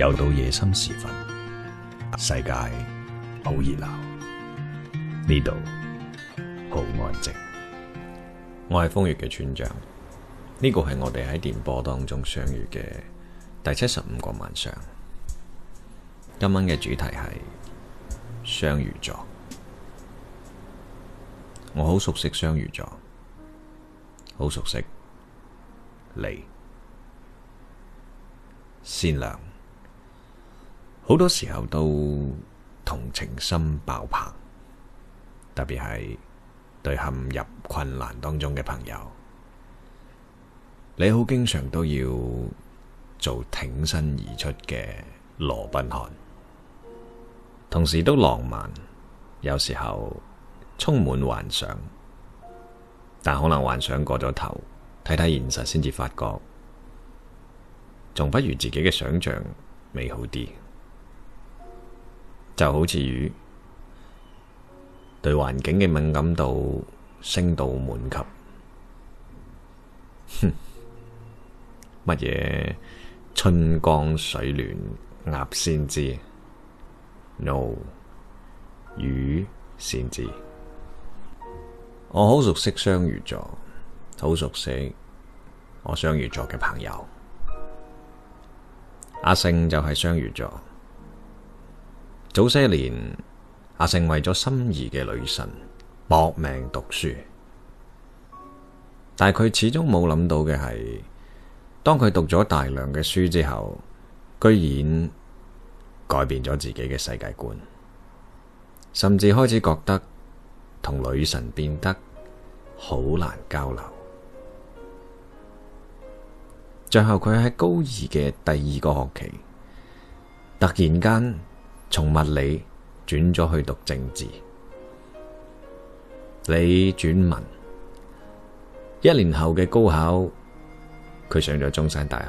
又到夜深時分，世界好熱鬧，呢度好安靜。我係瘋粵嘅村長，呢個係我哋喺電波當中相遇嘅第七十五個晚上。今晚嘅主題係雙魚座，我好熟悉雙魚座，好熟悉你，你善良。好多時候都同情心爆棚，特別係對陷入困難當中嘅朋友，你好經常都要做挺身而出嘅羅賓漢，同時都浪漫，有時候充滿幻想，但可能幻想過咗頭，睇睇現實先至發覺，仲不如自己嘅想象美好啲。就好似魚對環境嘅敏感度升到滿級，哼，乜嘢春江水暖鴨先知？No，魚先知。我好熟悉雙魚座，好熟悉我雙魚座嘅朋友，阿勝就係雙魚座。早些年，阿勝為咗心儀嘅女神，搏命讀書。但係佢始終冇諗到嘅係，當佢讀咗大量嘅書之後，居然改變咗自己嘅世界觀，甚至開始覺得同女神變得好難交流。最後，佢喺高二嘅第二個學期，突然間。從物理轉咗去讀政治，你轉文，一年後嘅高考，佢上咗中山大學。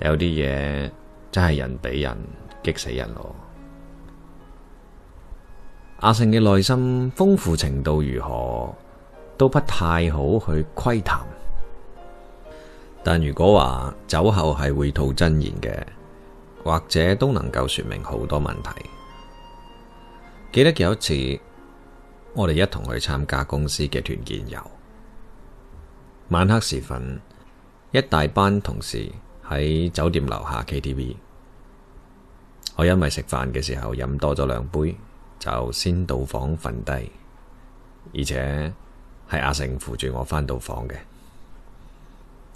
有啲嘢真係人比人激死人咯。阿勝嘅內心豐富程度如何，都不太好去窺探。但如果話酒後係會吐真言嘅。或者都能夠說明好多問題。記得有一次，我哋一同去參加公司嘅團建遊。晚黑時分，一大班同事喺酒店樓下 KTV。我因為食飯嘅時候飲多咗兩杯，就先到房瞓低，而且係阿勝扶住我返到房嘅。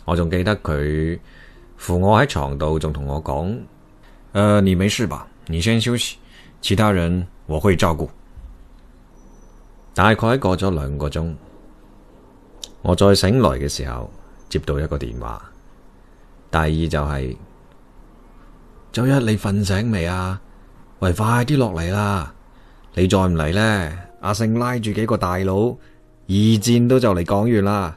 我仲記得佢扶我喺床度，仲同我講。誒、呃，你沒事吧？你先休息，其他人我會照顧。大概過咗兩個鐘，我再醒來嘅時候，接到一個電話，第二就係、是：，周一你瞓醒未啊？喂，快啲落嚟啦！你再唔嚟呢，阿勝拉住幾個大佬二戰都就嚟講完啦。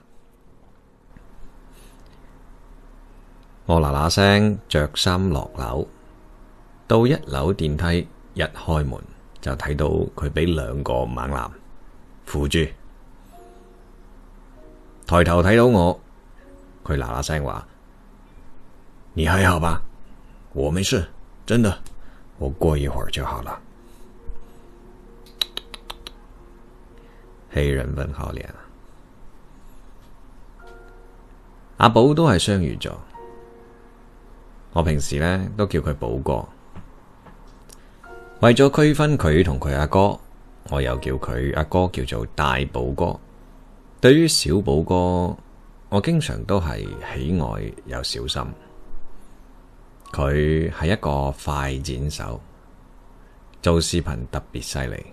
我嗱嗱聲着衫落樓。到一樓電梯一開門就睇到佢俾兩個猛男扶住，劇抬頭睇到我，佢嗱嗱聲話，你還好吧？我沒事，真的，我過一會兒就好了。黑人問號臉。阿寶都係雙魚座，我平時呢都叫佢寶哥。為咗區分佢同佢阿哥，我又叫佢阿哥叫做大寶哥。對於小寶哥，我經常都係喜愛又小心。佢係一個快剪手，做視頻特別犀利。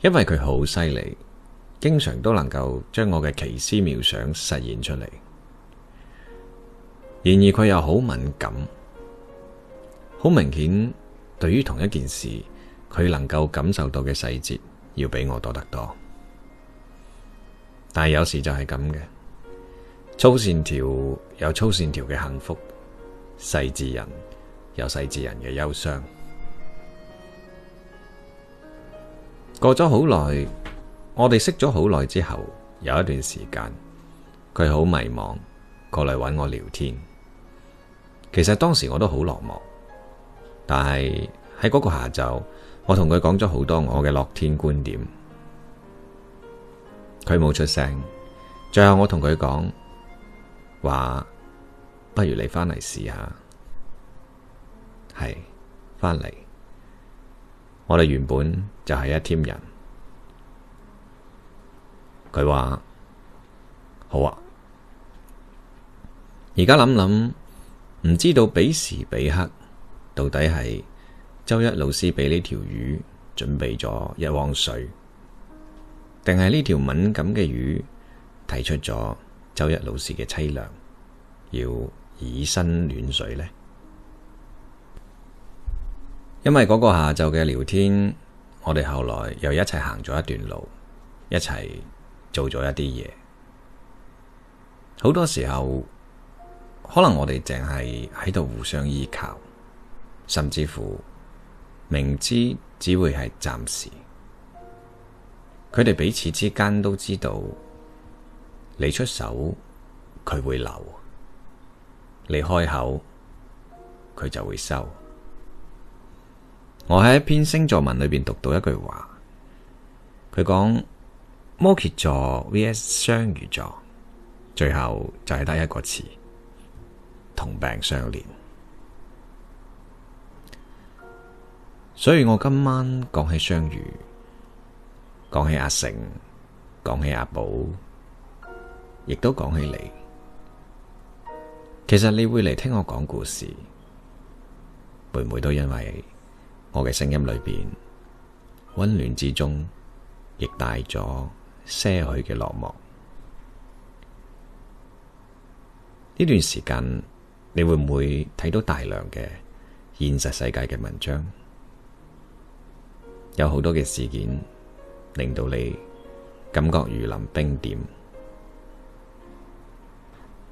因為佢好犀利，經常都能夠將我嘅奇思妙想實現出嚟。然而佢又好敏感，好明顯。對於同一件事，佢能夠感受到嘅細節要比我多得多，但係有時就係咁嘅粗線條有粗線條嘅幸福，細致人有細致人嘅憂傷。過咗好耐，我哋識咗好耐之後，有一段時間佢好迷茫，過嚟搵我聊天。其實當時我都好落寞。但係喺嗰個下晝，我同佢講咗好多我嘅樂天觀點，佢冇出聲。最後我同佢講話，不如你翻嚟試下，係翻嚟。我哋原本就係一 team 人。佢話好啊，而家諗諗，唔知道彼時彼刻。到底係周一老師俾呢條魚準備咗一汪水，定係呢條敏感嘅魚睇出咗周一老師嘅淒涼，要以身暖水呢？因為嗰個下晝嘅聊天，我哋後來又一齊行咗一段路，一齊做咗一啲嘢。好多時候可能我哋淨係喺度互相依靠。甚至乎明知只會係暫時，佢哋彼此之間都知道，你出手佢會留，你開口佢就會收。我喺一篇星座文裏邊讀到一句話，佢講摩羯座 VS 雙魚座，最後就係得一個詞，同病相憐。所以我今晚講起雙魚，講起阿勝，講起阿寶，亦都講起你。其實你會嚟聽我講故事，會唔會都因為我嘅聲音裏邊溫暖之中，亦帶咗些許嘅落寞呢？呢段時間你會唔會睇到大量嘅現實世界嘅文章？有好多嘅事件令到你感覺如臨冰點，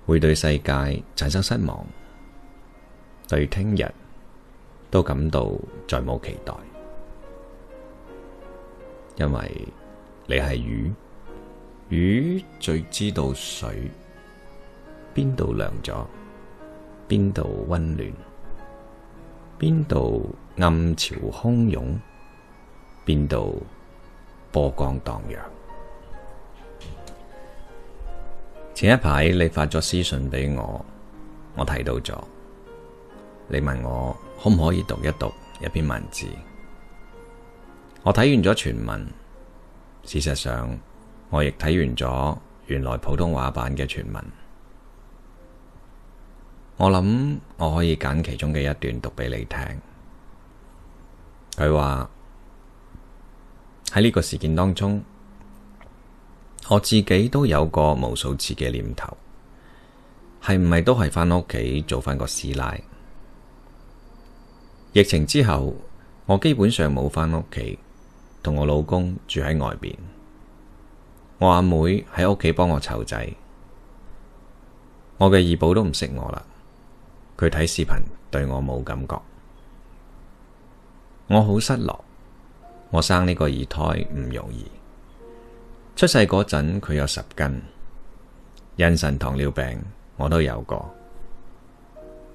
會對世界產生失望，對聽日都感到再冇期待，因為你係魚，魚最知道水，邊度涼咗，邊度溫暖，邊度暗潮洶湧。邊度波光蕩漾？前一排你發咗私信俾我，我睇到咗。你問我可唔可以讀一讀一篇文字？我睇完咗全文，事實上我亦睇完咗原來普通話版嘅全文。我諗我可以揀其中嘅一段讀俾你聽。佢話。喺呢個事件當中，我自己都有過無數次嘅念頭，係唔係都係返屋企做返個師奶？疫情之後，我基本上冇返屋企，同我老公住喺外面。我阿妹喺屋企幫我湊仔，我嘅二寶都唔識我啦，佢睇視頻對我冇感覺，我好失落。我生呢個二胎唔容易，出世嗰陣佢有十斤，妊娠糖尿病我都有過。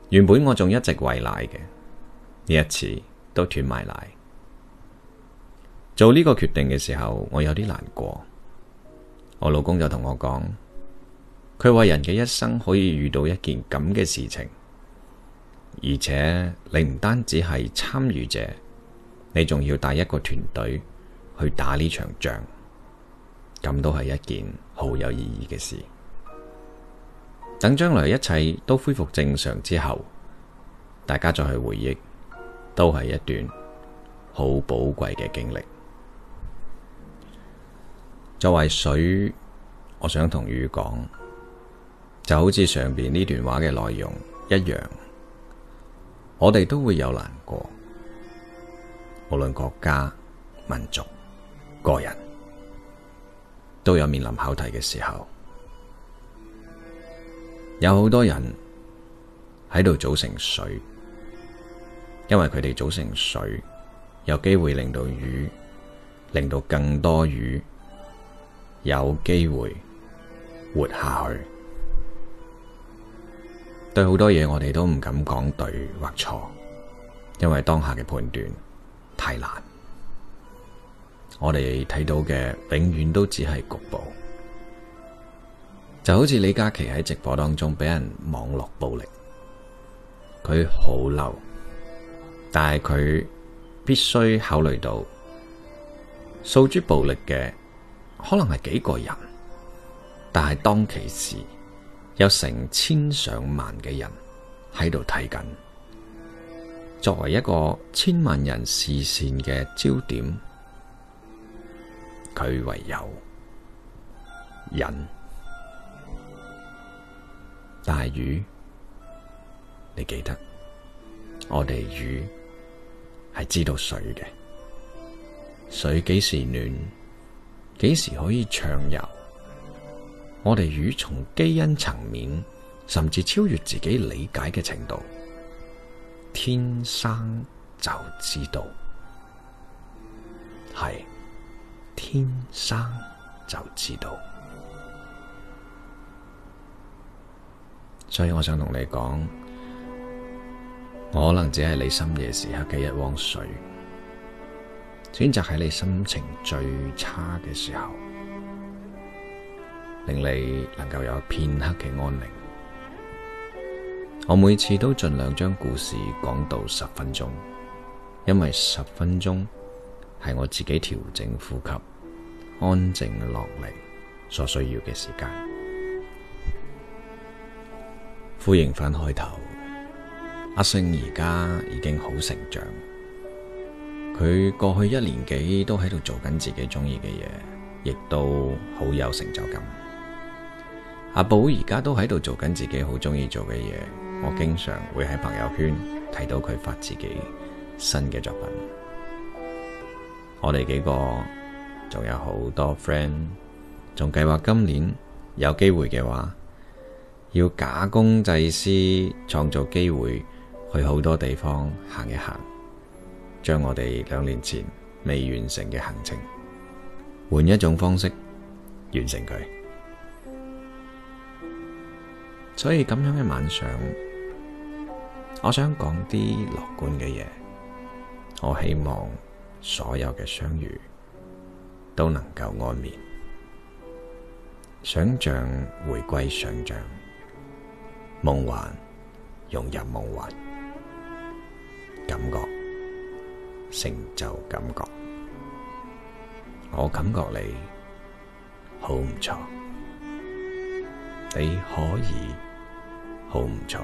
原本我仲一直餵奶嘅，呢一次都斷埋奶。做呢個決定嘅時候，我有啲難過。我老公就同我講，佢話人嘅一生可以遇到一件咁嘅事情，而且你唔單止係參與者。你仲要帶一個團隊去打呢場仗，咁都係一件好有意義嘅事。等將來一切都恢復正常之後，大家再去回憶，都係一段好寶貴嘅經歷。作為水，我想同魚講，就好似上邊呢段話嘅內容一樣，我哋都會有難過。無論國家、民族、個人，都有面臨考題嘅時候。有好多人喺度組成水，因為佢哋組成水，有機會令到魚，令到更多魚，有機會活下去。對好多嘢，我哋都唔敢講對或錯，因為當下嘅判斷。太難，我哋睇到嘅永遠都只係局部，就好似李佳琦喺直播當中俾人網絡暴力，佢好嬲，但係佢必須考慮到，訴諸暴力嘅可能係幾個人，但係當其時有成千上萬嘅人喺度睇緊。作為一個千萬人視線嘅焦點，佢唯有忍。大魚，你記得我哋魚係知道水嘅，水幾時暖，幾時可以暢游，我哋魚從基因層面，甚至超越自己理解嘅程度。天生就知道，係天生就知道。所以我想同你講，我可能只係你深夜時刻嘅一汪水，選擇喺你心情最差嘅時候，令你能夠有片刻嘅安寧。我每次都盡量將故事講到十分鐘，因為十分鐘係我自己調整呼吸、安靜落嚟所需要嘅時間。呼應翻開頭，阿勝而家已經好成長，佢過去一年幾都喺度做緊自己中意嘅嘢，亦都好有成就感。阿寶而家都喺度做緊自己好中意做嘅嘢。我經常會喺朋友圈睇到佢發自己新嘅作品，我哋幾個仲有好多 friend，仲計劃今年有機會嘅話，要假公濟私創造機會去好多地方行一行，將我哋兩年前未完成嘅行程，換一種方式完成佢。所以咁樣嘅晚上。我想講啲樂觀嘅嘢，我希望所有嘅雙魚都能夠安眠，想象回歸想象夢幻融入夢幻，感覺成就感覺，我感覺你好唔錯，你可以好唔錯。